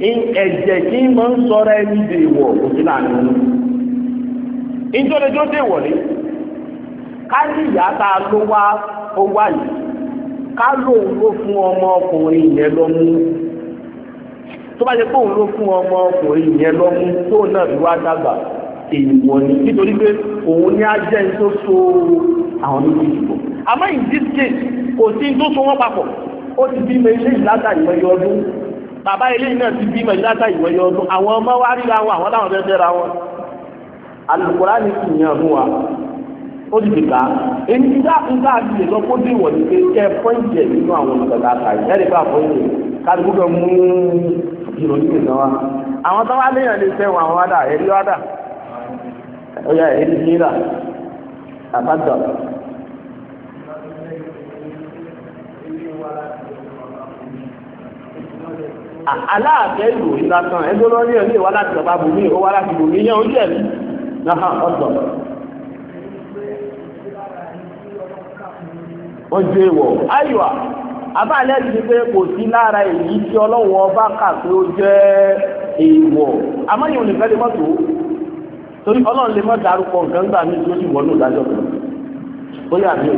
ẹ̀jẹ̀ kí n máa ń ẹni dè wọ̀ òfin láàrin wọn. ìjọ́lẹ̀jọ́ ká ní ìyá tá ló wá ó yìí ká ló èèwọ̀ ni nítorí pé òun ní ajẹ́ tó so àwọn méjèèjì pọ̀ àmọ́ in this case kò sí tó so wọ́n papọ̀ ó ti bímọ ilé ìlàta ìwẹ̀yẹ ọdún bàbá ilé náà ti bímọ ìlàta ìwẹ̀yẹ ọdún àwọn ọmọ wa ríra wọn àwọn táwọn fẹ́ fẹ́ra wọn alùpùpùrá ni kì í yàn fún wa ó ti dìgbà èyí tí nígbà tí lè sọ kó dé ìwọ̀n ni pé kẹ́ pọ́ǹtì ẹ̀ nínú àwọn ìgbàgbà àkàyè ẹ̀rí bá pọ́ǹtì kálukú kan mú ìròyìn ìgbà wa àwọn táwọn aléyàn lè fẹ́ wọn àwọn wádà ẹ̀rí wádà ó yà èyí ní rà àbádọ. aláàfẹ́ lò ní lásán ẹgbẹ́ lọ́rí ẹ̀ lè wá láti ọba bùnmí ó wá láti bùnmí yẹn ó jẹ̀ mí náà ọ̀tọ̀. wọ́n ju èèwọ̀ ayọ̀ abáàlẹ́ ti pé kò sí lára èyí tí ọlọ́wọ́ bá kà pé ó jẹ́ èèwọ̀ amáyéwòn nìkan lè mọ́tò ó. torí ọlọ́run lè má darúkọ nǹkan gbà mí tó ti wọnú ìdájọ́ kan ó yà mí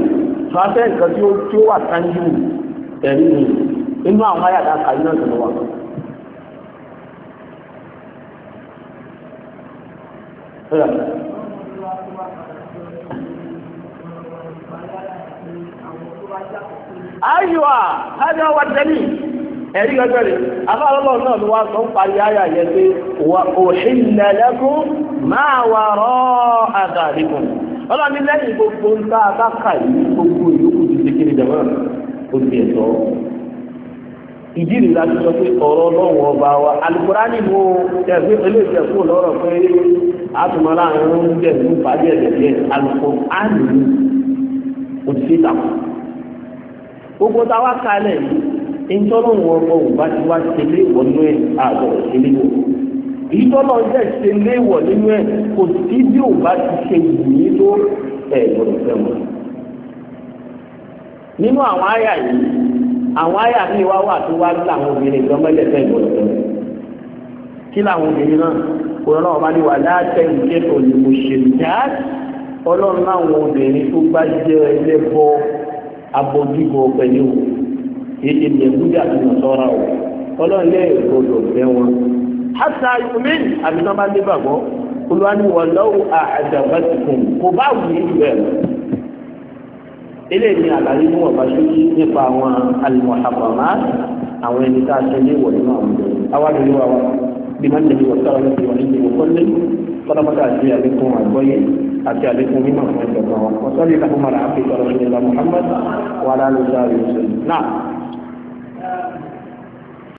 o a nǹkan tí ó tí ó wà sáńjú ẹ̀rí mi inú àwọn ayàdá kàyí náà tẹ̀lé wa. ẹ̀rí lọ́gbẹ̀rẹ̀ afárọ́lọ́ náà ló wá sọ ń parí ayà yẹn pé máa wà rọ́ àgàdìkùn ọlọ́ni lẹ́yìn gbogbo ń a bá kà yìí gbogbo ìyókù ti ṣe kiri ẹ̀tọ́ ìdí rẹ̀ sọ pé ọ̀rọ̀ wa ẹgbẹ́ lọ́rọ̀ pé àtùmọ̀lá ìlú ẹ̀dẹ̀ gbogbo táwa kalẹ̀ yìí ìtọ́nà wọn ọmọ òbá ti wá tẹ̀lé ìwọ nínú ẹ̀ àgọ̀ tẹ̀lé wọ. ìtọ́nà jẹ́ tẹ̀lé ìwọ nínú ẹ̀ kò sí bí òbá ti ṣe ìwúyí tó ẹ̀ gbọ́dọ̀ fẹ́ wọn. nínú àwọn àyà yìí àwọn àyà mi wá wà tó wá gbà àwọn obìnrin tó mẹ́lẹ̀ fẹ́ gbọ́dọ̀ fẹ́ wọn. kí làwọn obìnrin náà òun náà bá ní wà láàtẹ̀ ìkẹ́kọ̀ọ́ òyìnbó ṣe dáàtì ọlọ́run láwọn obìnrin tó bá jẹ́ ẹlẹ́bọ abọ́dúgbò pẹ̀lú èdè yẹ̀kúdí àti nàṣọ́ra o ọlọ́run lé ìgbọ́dọ̀ fẹ́ wọn. hasa yomi àbí náà bá dé bàbọ́ olùwàníwọ̀lọ́wọ́ àjàgbàtìkùn kò bá wù í bẹ̀ lọ. eléyìí àlàyé ní wọn bá ṣojú nípa àwọn alùmọ̀tàbọ̀má àwọn ẹni tá a ṣe ní ìwọ̀ nínú àwọn ọ̀dọ́ àwọn àdúgbò wa bí máa ń tẹ̀lé wọ̀sára ní ìwọ̀n ní ìwọ̀kọ́lé fọlọ́mọ́tà àti àlékún àgbọ́yé àti àlékún mímọ̀ fún ẹ̀jọ̀ kan wọn. wọ́n sọ́ọ́